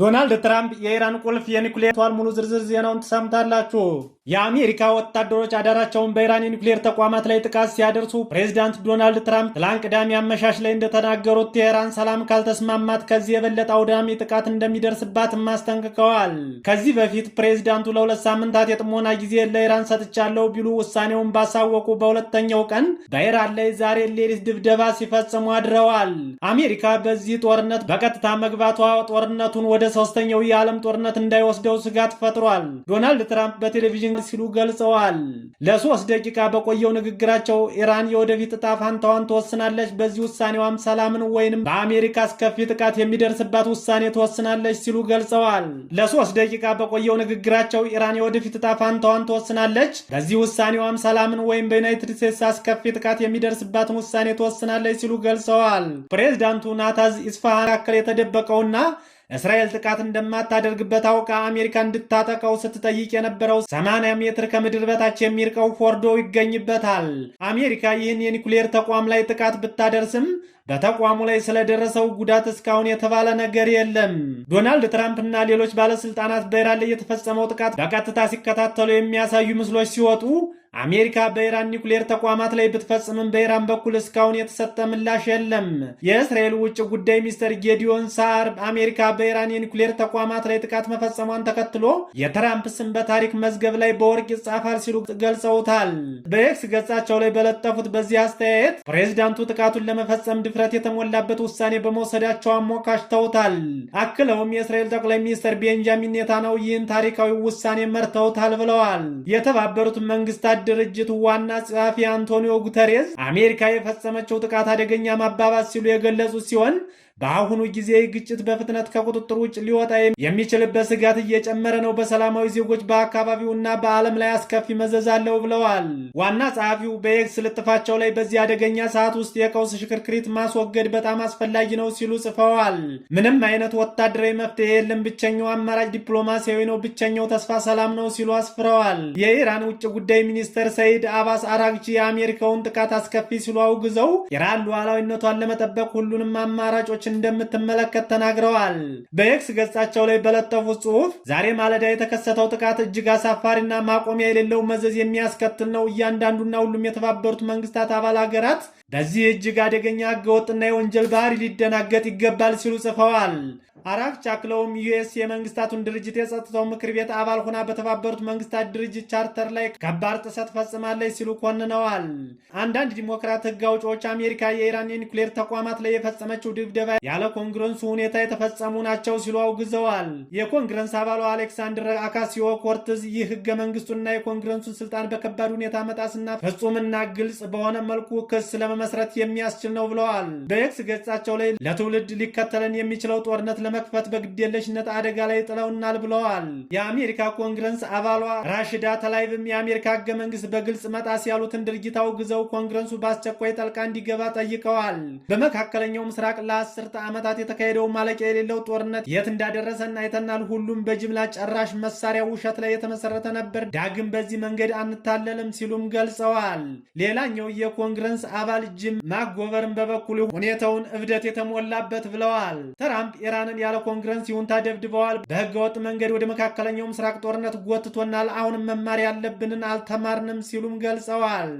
ዶናልድ ትራምፕ የኢራን ቁልፍ የኒውክሌር ተዋል ሙሉ ዝርዝር ዜናውን ትሰምታላችሁ። የአሜሪካ ወታደሮች አዳራቸውን በኢራን የኒውክሌር ተቋማት ላይ ጥቃት ሲያደርሱ ፕሬዚዳንት ዶናልድ ትራምፕ ትላንት ቅዳሜ አመሻሽ ላይ እንደተናገሩት የኢራን ሰላም ካልተስማማት ከዚህ የበለጠ አውዳሚ ጥቃት እንደሚደርስባትም አስጠንቅቀዋል። ከዚህ በፊት ፕሬዚዳንቱ ለሁለት ሳምንታት የጥሞና ጊዜ ለኢራን ሰጥቻለሁ ቢሉ ውሳኔውን ባሳወቁ በሁለተኛው ቀን በኢራን ላይ ዛሬ ሌሊት ድብደባ ሲፈጽሙ አድረዋል። አሜሪካ በዚህ ጦርነት በቀጥታ መግባቷ ጦርነቱን ወደ ወደ ሶስተኛው የዓለም ጦርነት እንዳይወስደው ስጋት ፈጥሯል ዶናልድ ትራምፕ በቴሌቪዥን ሲሉ ገልጸዋል። ለሶስት ደቂቃ በቆየው ንግግራቸው ኢራን የወደፊት እጣ ፋንታዋን ትወስናለች፣ በዚህ ውሳኔዋም ሰላምን ወይንም በአሜሪካ አስከፊ ጥቃት የሚደርስባት ውሳኔ ትወስናለች ሲሉ ገልጸዋል። ለሶስት ደቂቃ በቆየው ንግግራቸው ኢራን የወደፊት እጣ ፋንታዋን ትወስናለች፣ በዚህ ውሳኔዋም ሰላምን ወይም በዩናይትድ ስቴትስ አስከፊ ጥቃት የሚደርስባትን ውሳኔ ትወስናለች ሲሉ ገልጸዋል። ፕሬዝዳንቱ ናታዝ ኢስፋሃን መካከል የተደበቀውና እስራኤል ጥቃት እንደማታደርግበት አውቃ አሜሪካ እንድታጠቀው ስትጠይቅ የነበረው 80 ሜትር ከምድር በታች የሚርቀው ፎርዶ ይገኝበታል። አሜሪካ ይህን የኒኩሌር ተቋም ላይ ጥቃት ብታደርስም በተቋሙ ላይ ስለደረሰው ጉዳት እስካሁን የተባለ ነገር የለም። ዶናልድ ትራምፕ እና ሌሎች ባለስልጣናት በኢራን ላይ የተፈጸመው ጥቃት በቀጥታ ሲከታተሉ የሚያሳዩ ምስሎች ሲወጡ አሜሪካ በኢራን ኒውክሌር ተቋማት ላይ ብትፈጽምም በኢራን በኩል እስካሁን የተሰጠ ምላሽ የለም። የእስራኤል ውጭ ጉዳይ ሚኒስትር ጌዲዮን ሳር አሜሪካ በኢራን የኒውክሌር ተቋማት ላይ ጥቃት መፈጸሟን ተከትሎ የትራምፕ ስም በታሪክ መዝገብ ላይ በወርቅ ይጻፋል ሲሉ ገልጸውታል። በኤክስ ገጻቸው ላይ በለጠፉት በዚህ አስተያየት ፕሬዚዳንቱ ጥቃቱን ለመፈጸም ድፍረት የተሞላበት ውሳኔ በመውሰዳቸው አሞካሽተውታል። አክለውም የእስራኤል ጠቅላይ ሚኒስትር ቤንጃሚን ኔታናው ይህን ታሪካዊ ውሳኔ መርተውታል ብለዋል። የተባበሩት መንግስታት ድርጅት ዋና ጸሐፊ አንቶኒዮ ጉተሬዝ አሜሪካ የፈጸመችው ጥቃት አደገኛ ማባባስ ሲሉ የገለጹት ሲሆን በአሁኑ ጊዜ ግጭት በፍጥነት ከቁጥጥር ውጭ ሊወጣ የሚችልበት ስጋት እየጨመረ ነው፣ በሰላማዊ ዜጎች በአካባቢውና በዓለም ላይ አስከፊ መዘዝ አለው ብለዋል። ዋና ጸሐፊው በኤክስ ልጥፋቸው ላይ በዚህ አደገኛ ሰዓት ውስጥ የቀውስ ሽክርክሪት ማስወገድ በጣም አስፈላጊ ነው ሲሉ ጽፈዋል። ምንም አይነት ወታደራዊ መፍትሄ የለም፣ ብቸኛው አማራጭ ዲፕሎማሲያዊ ነው፣ ብቸኛው ተስፋ ሰላም ነው ሲሉ አስፍረዋል። የኢራን ውጭ ጉዳይ ሚኒስትር ሰይድ አባስ አራግቺ የአሜሪካውን ጥቃት አስከፊ ሲሉ አውግዘው ኢራን ሉዓላዊነቷን ለመጠበቅ ሁሉንም አማራጮች። እንደምትመለከት ተናግረዋል። በኤክስ ገጻቸው ላይ በለጠፉት ጽሑፍ ዛሬ ማለዳ የተከሰተው ጥቃት እጅግ አሳፋሪና ማቆሚያ የሌለው መዘዝ የሚያስከትል ነው። እያንዳንዱና ሁሉም የተባበሩት መንግስታት አባል ሀገራት በዚህ እጅግ አደገኛ ህገወጥና የወንጀል ባህሪ ሊደናገጥ ይገባል ሲሉ ጽፈዋል። አራፍ ጫክለውም ዩኤስ የመንግስታቱን ድርጅት የጸጥታው ምክር ቤት አባል ሆና በተባበሩት መንግስታት ድርጅት ቻርተር ላይ ከባድ ጥሰት ፈጽማለች ሲሉ ኮንነዋል። አንዳንድ ዲሞክራት ህግ አውጪዎች አሜሪካ የኢራን የኒኩሌር ተቋማት ላይ የፈጸመችው ድብደባ ያለ ኮንግረሱ ሁኔታ የተፈጸሙ ናቸው ሲሉ አውግዘዋል። የኮንግረንስ አባሉ አሌክሳንድር አካሲዮ ኮርትዝ ይህ ህገ መንግስቱና የኮንግረሱን ስልጣን በከባድ ሁኔታ መጣስና ፍጹምና ግልጽ በሆነ መልኩ ክስ ለመመስረት የሚያስችል ነው ብለዋል። በኤክስ ገጻቸው ላይ ለትውልድ ሊከተለን የሚችለው ጦርነት ለመክፈት በግዴለሽነት አደጋ ላይ ጥለውናል ብለዋል። የአሜሪካ ኮንግረስ አባሏ ራሽዳ ተላይብም የአሜሪካ ህገ መንግስት በግልጽ መጣስ ያሉትን ድርጊት አውግዘው ኮንግረሱ በአስቸኳይ ጠልቃ እንዲገባ ጠይቀዋል። በመካከለኛው ምስራቅ ለአስርተ ዓመታት የተካሄደው ማለቂያ የሌለው ጦርነት የት እንዳደረሰን አይተናል። ሁሉም በጅምላ ጨራሽ መሳሪያ ውሸት ላይ የተመሰረተ ነበር። ዳግም በዚህ መንገድ አንታለልም ሲሉም ገልጸዋል። ሌላኛው የኮንግረስ አባል ጂም ማክጎቨርን በበኩሉ ሁኔታውን እብደት የተሞላበት ብለዋል። ትራምፕ ኢራንን ያለ ኮንግረስ ይሁንታ ደብድበዋል። በህገወጥ መንገድ ወደ መካከለኛው ምስራቅ ጦርነት ጎትቶናል። አሁንም መማር ያለብንን አልተማርንም ሲሉም ገልጸዋል።